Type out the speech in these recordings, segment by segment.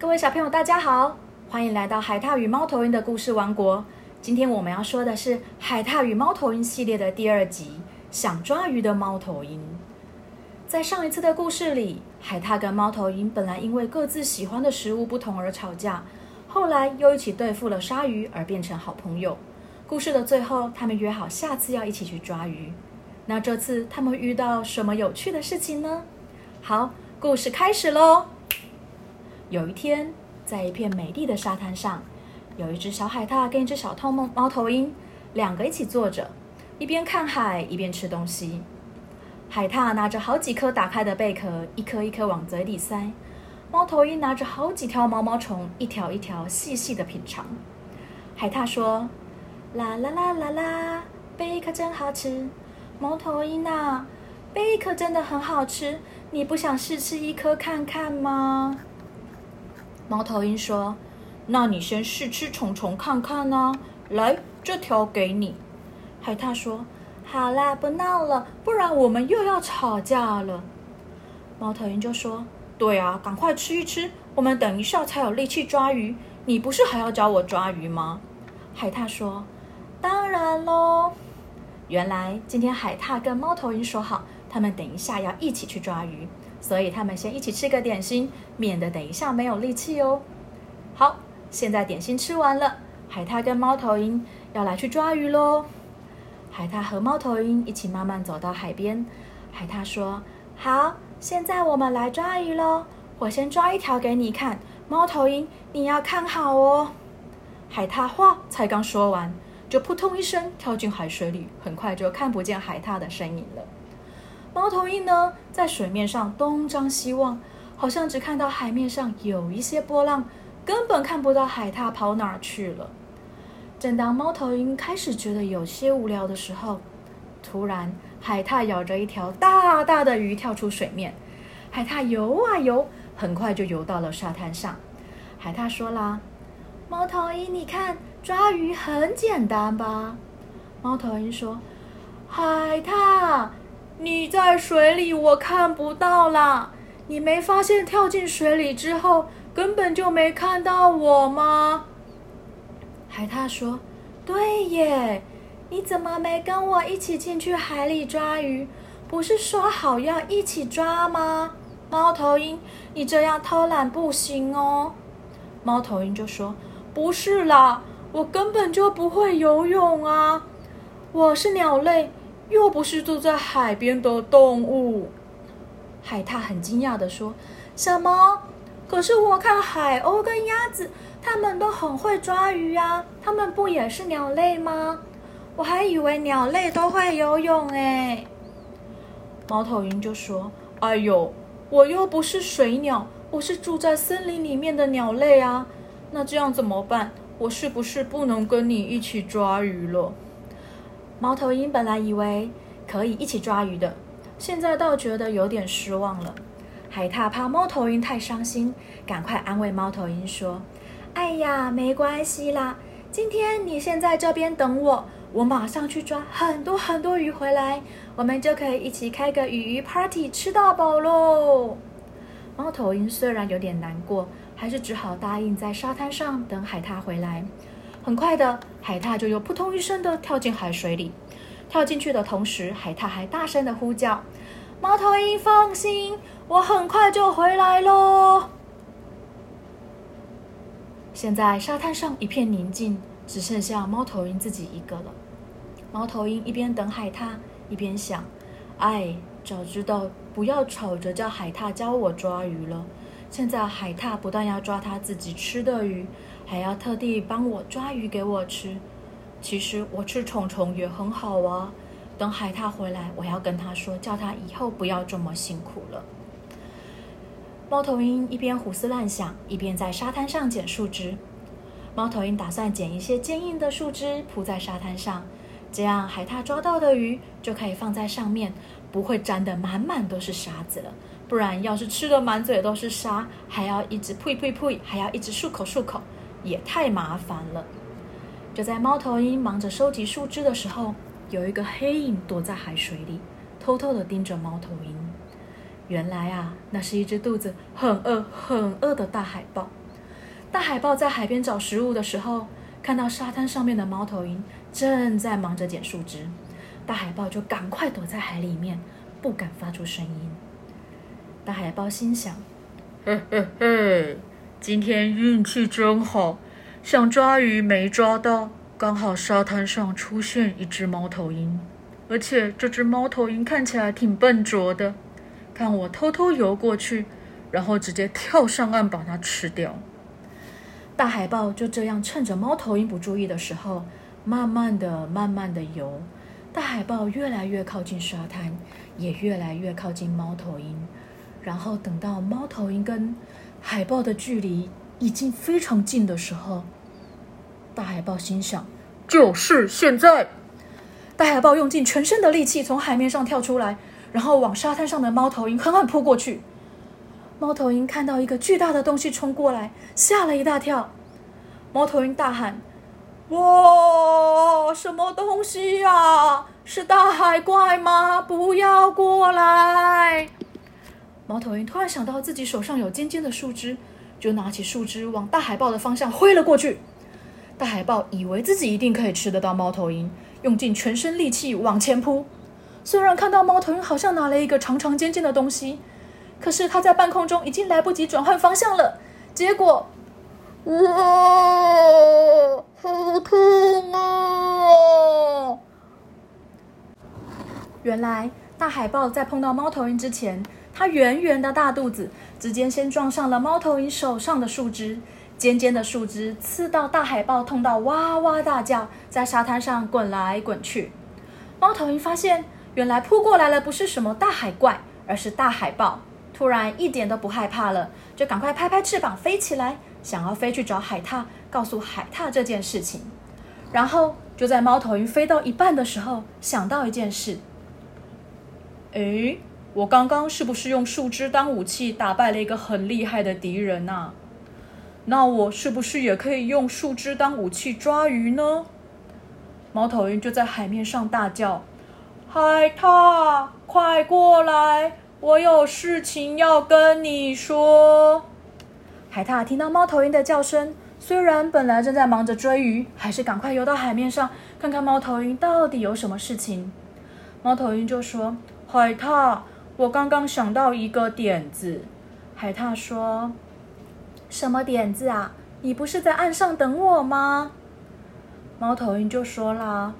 各位小朋友，大家好，歡迎來到海獺與貓頭鷹的故事王國。今天我們要說的是《海獺與貓頭鷹》系列的第二集《想抓魚的貓頭鷹》。在上一次的故事裡，海獺跟貓頭鷹本來因為各自喜歡的食物不同而吵架，後來又一起對付了鯊魚而變成好朋友。故事的最後，他們約好下次要一起去抓魚。那這次他們遇到什麼有趣的事情呢？好，故事開始嘍。有一天，在一片美麗的沙灘上，有一只小海獺跟一只小貓貓頭鷹，兩個一起坐着，一邊看海，一邊吃東西。海獺拿着好幾顆打開的貝殼，一顆一顆往嘴裡塞；貓頭鷹拿着好幾條毛毛蟲，一條一條細細的品嘗。海獺說：“啦啦啦啦啦，貝殼真好吃！貓頭鷹吶、啊，貝殼真的很好吃，你不想試吃一顆看看嗎？”貓頭鷹說：“那你先試吃蟲蟲看看吶，來這條給你。”海獺說：“好啦，不鬧了，不然我們又要吵架了。”貓頭鷹就說：“對啊，趕快吃一吃，我們等一下才有力氣抓魚。你不是還要教我抓魚嗎？”海獺說：“當然嘍。”原來今天海獺跟貓頭鷹說好，他們等一下要一起去抓魚。所以他們先一起吃個點心，免得等一下沒有力氣哦。好，現在點心吃完了，海獺跟貓頭鷹要來去抓魚嘍。海獺和貓頭鷹一起慢慢走到海邊。海獺說：“好，現在我們來抓魚嘍，我先抓一條給你看，貓頭鷹你要看好哦。”海獺話才剛說完，就撲通一聲跳進海水裡，很快就看不見海獺的身影了。貓頭鷹呢？在水面上東張西望，好像只看到海面上有一些波浪，根本看不到海獺跑哪兒去了。正當貓頭鷹開始覺得有些無聊的時候，突然海獺咬着一條大大的魚跳出水面，海獺游啊游，很快就游到了沙灘上。海獺說啦：“貓頭鷹，你看抓魚很簡單吧？”貓頭鷹說：“海獺。”你在水裡，我看不到啦。你沒發現跳進水裡之後，根本就沒看到我嗎？海獺說：“對耶，你怎麼沒跟我一起進去海裡抓魚？不是說好要一起抓嗎？”貓頭鷹，你這樣偷懶不行哦。貓頭鷹就說：“不是啦，我根本就不會游泳啊，我是鳥類。”又不是住在海邊的動物。海獺很驚訝地說：“什麼？可是我看海鷗跟鴨子，它們都很會抓魚啊，它們不也是鳥類嗎？我還以為鳥類都會游泳哎。”貓頭鷹就說：“哎呦，我又不是水鳥，我是住在森林裡面的鳥類啊。那這樣怎麼辦？我是不是不能跟你一起抓魚了？”貓頭鷹本來以為可以一起抓魚的，現在倒覺得有點失望了。海獺怕貓頭鷹太傷心，趕快安慰貓頭鷹說：“哎呀，沒關係啦，今天你先在這邊等我，我馬上去抓很多很多魚回來，我們就可以一起開個魚魚 party，吃到飽嘍。”貓頭鷹雖然有點難過，還是只好答應在沙灘上等海獺回來。很快的，海獺就又撲通一聲的跳進海水裡。跳進去的同時，海獺還大聲的呼叫：“貓頭鷹，放心，我很快就回來嘍。”現在沙灘上一片寧靜，只剩下貓頭鷹自己一個了。貓頭鷹一邊等海獺，一邊想：“唉，早知道不要吵着叫海獺教我抓魚了。現在海獺不但要抓他自己吃的魚。”還要特地幫我抓魚給我吃，其實我吃蟲蟲也很好啊。等海獺回來，我要跟他說，叫他以後不要這麼辛苦了。貓頭鷹一邊胡思亂想，一邊在沙灘上撿樹枝。貓頭鷹打算撿一些堅硬的樹枝鋪在沙灘上，這樣海獺抓到的魚就可以放在上面，不會沾得滿滿都是沙子了。不然要是吃的滿嘴都是沙，還要一直呸呸呸，還要一直漱口漱口。也太麻煩了。就在貓頭鷹忙着收集樹枝的時候，有一個黑影躲在海水裡，偷偷的盯着貓頭鷹。原來啊，那是一隻肚子很餓、很餓的大海豹。大海豹在海邊找食物的時候，看到沙灘上面的貓頭鷹正在忙着撿樹枝，大海豹就趕快躲在海裡面，不敢發出聲音。大海豹心想：哼哼哼。今天運氣真好，想抓魚沒抓到，剛好沙灘上出現一隻貓頭鷹，而且這隻貓頭鷹看起來挺笨拙的。看我偷偷游過去，然後直接跳上岸把它吃掉。大海豹就這樣趁着貓頭鷹不注意的時候，慢慢地、慢慢地游。大海豹越來越靠近沙灘，也越來越靠近貓頭鷹，然後等到貓頭鷹跟海豹的距離已經非常近的時候，大海豹心想：“就是現在！”大海豹用盡全身的力氣從海面上跳出來，然後往沙灘上的貓頭鷹狠狠撲過去。貓頭鷹看到一個巨大的東西衝過來，嚇了一大跳。貓頭鷹大喊：“哇，什麼東西呀？是大海怪嗎？不要過來！”貓頭鷹突然想到自己手上有尖尖的樹枝，就拿起樹枝往大海豹的方向揮了過去。大海豹以為自己一定可以吃得到貓頭鷹，用盡全身力氣往前撲。雖然看到貓頭鷹好像拿了一個長長尖尖的東西，可是它在半空中已經來不及轉換方向了。結果，嗚、哦，好痛啊！原來大海豹在碰到貓頭鷹之前。它圓圓的大肚子，直接先撞上了貓頭鷹手上的樹枝，尖尖的樹枝刺到大海豹，痛到哇哇大叫，在沙灘上滾來滾去。貓頭鷹發現，原來撲過來了不是什麼大海怪，而是大海豹。突然一點都不害怕了，就趕快拍拍翅膀飛起來，想要飛去找海獺，告訴海獺這件事情。然後就在貓頭鷹飛到一半的時候，想到一件事，欸我剛剛是不是用樹枝當武器打敗了一個很厲害的敵人吶、啊？那我是不是也可以用樹枝當武器抓魚呢？貓頭鷹就在海面上大叫：“海獺，快過來，我有事情要跟你說。”海獺聽到貓頭鷹的叫聲，雖然本來正在忙着追魚，還是趕快游到海面上，看看貓頭鷹到底有什麼事情。貓頭鷹就說：“海獺。”我剛剛想到一個點子，海獺說：“什麼點子啊？你不是在岸上等我嗎？”貓頭鷹就說啦：“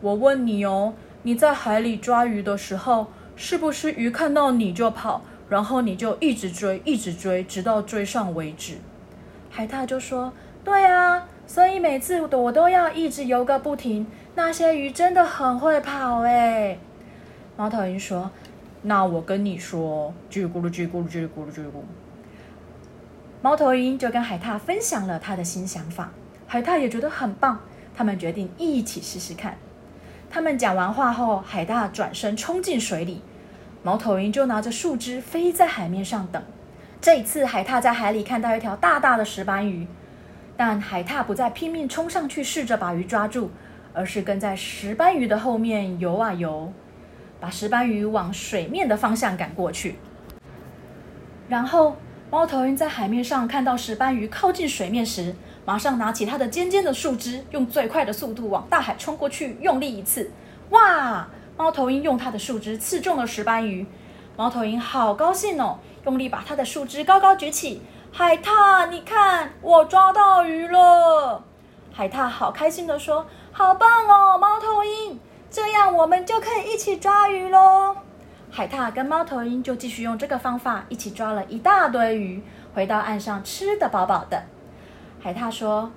我問你哦，你在海裡抓魚的時候，是不是魚看到你就跑，然後你就一直追，一直追，直到追上為止？”海獺就說：“對啊，所以每次我都要一直游個不停。那些魚真的很會跑欸。”貓頭鷹說。那我跟你說，嘰咕嚕嘰咕嚕嘰咕嚕嘰咕嚕。貓頭鷹就跟海獺分享了他的新想法，海獺也覺得很棒。他們決定一起試試看。他們講完話後，海獺轉身衝進水裡，貓頭鷹就拿着樹枝飛在海面上等。這一次，海獺在海裡看到一條大大的石斑魚，但海獺不再拼命衝上去試着把魚抓住，而是跟在石斑魚的後面游啊游。把石斑魚往水面的方向趕過去。然後，貓頭鷹在海面上看到石斑魚靠近水面時，馬上拿起它的尖尖的樹枝，用最快的速度往大海衝過去，用力一刺。哇！貓頭鷹用它的樹枝刺中了石斑魚。貓頭鷹好高興哦、喔，用力把它的樹枝高高舉起。海獺，你看，我抓到魚了！海獺好開心的說：“好棒哦，貓頭鷹。”這樣我們就可以一起抓魚嘍！海獺跟貓頭鷹就繼續用這個方法一起抓了一大堆魚，回到岸上吃得飽飽的。海獺說：“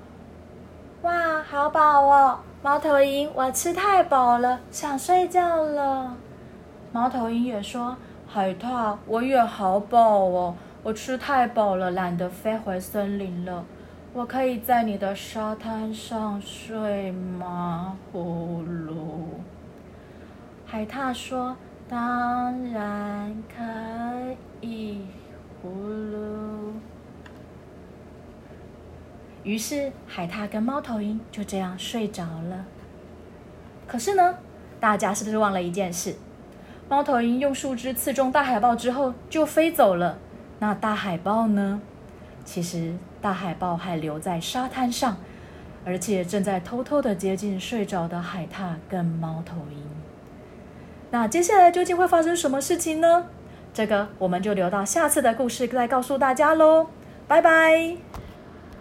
哇，好飽哦，貓頭鷹，我吃太飽了，想睡覺了。”貓頭鷹也說：“海獺，我也好飽哦，我吃太飽了，懶得飛回森林了。”我可以在你的沙灘上睡嗎，呼嚕？海獺說：“當然可以，呼嚕。”於是海獺跟貓頭鷹就這樣睡着了。可是呢，大家是不是忘了一件事？貓頭鷹用樹枝刺中大海豹之後就飛走了，那大海豹呢？其實，大海豹還留在沙灘上，而且正在偷偷地接近睡着的海獺跟貓頭鷹。那接下來究竟會發生什麼事情呢？這個我們就留到下次的故事再告訴大家嘍。拜拜。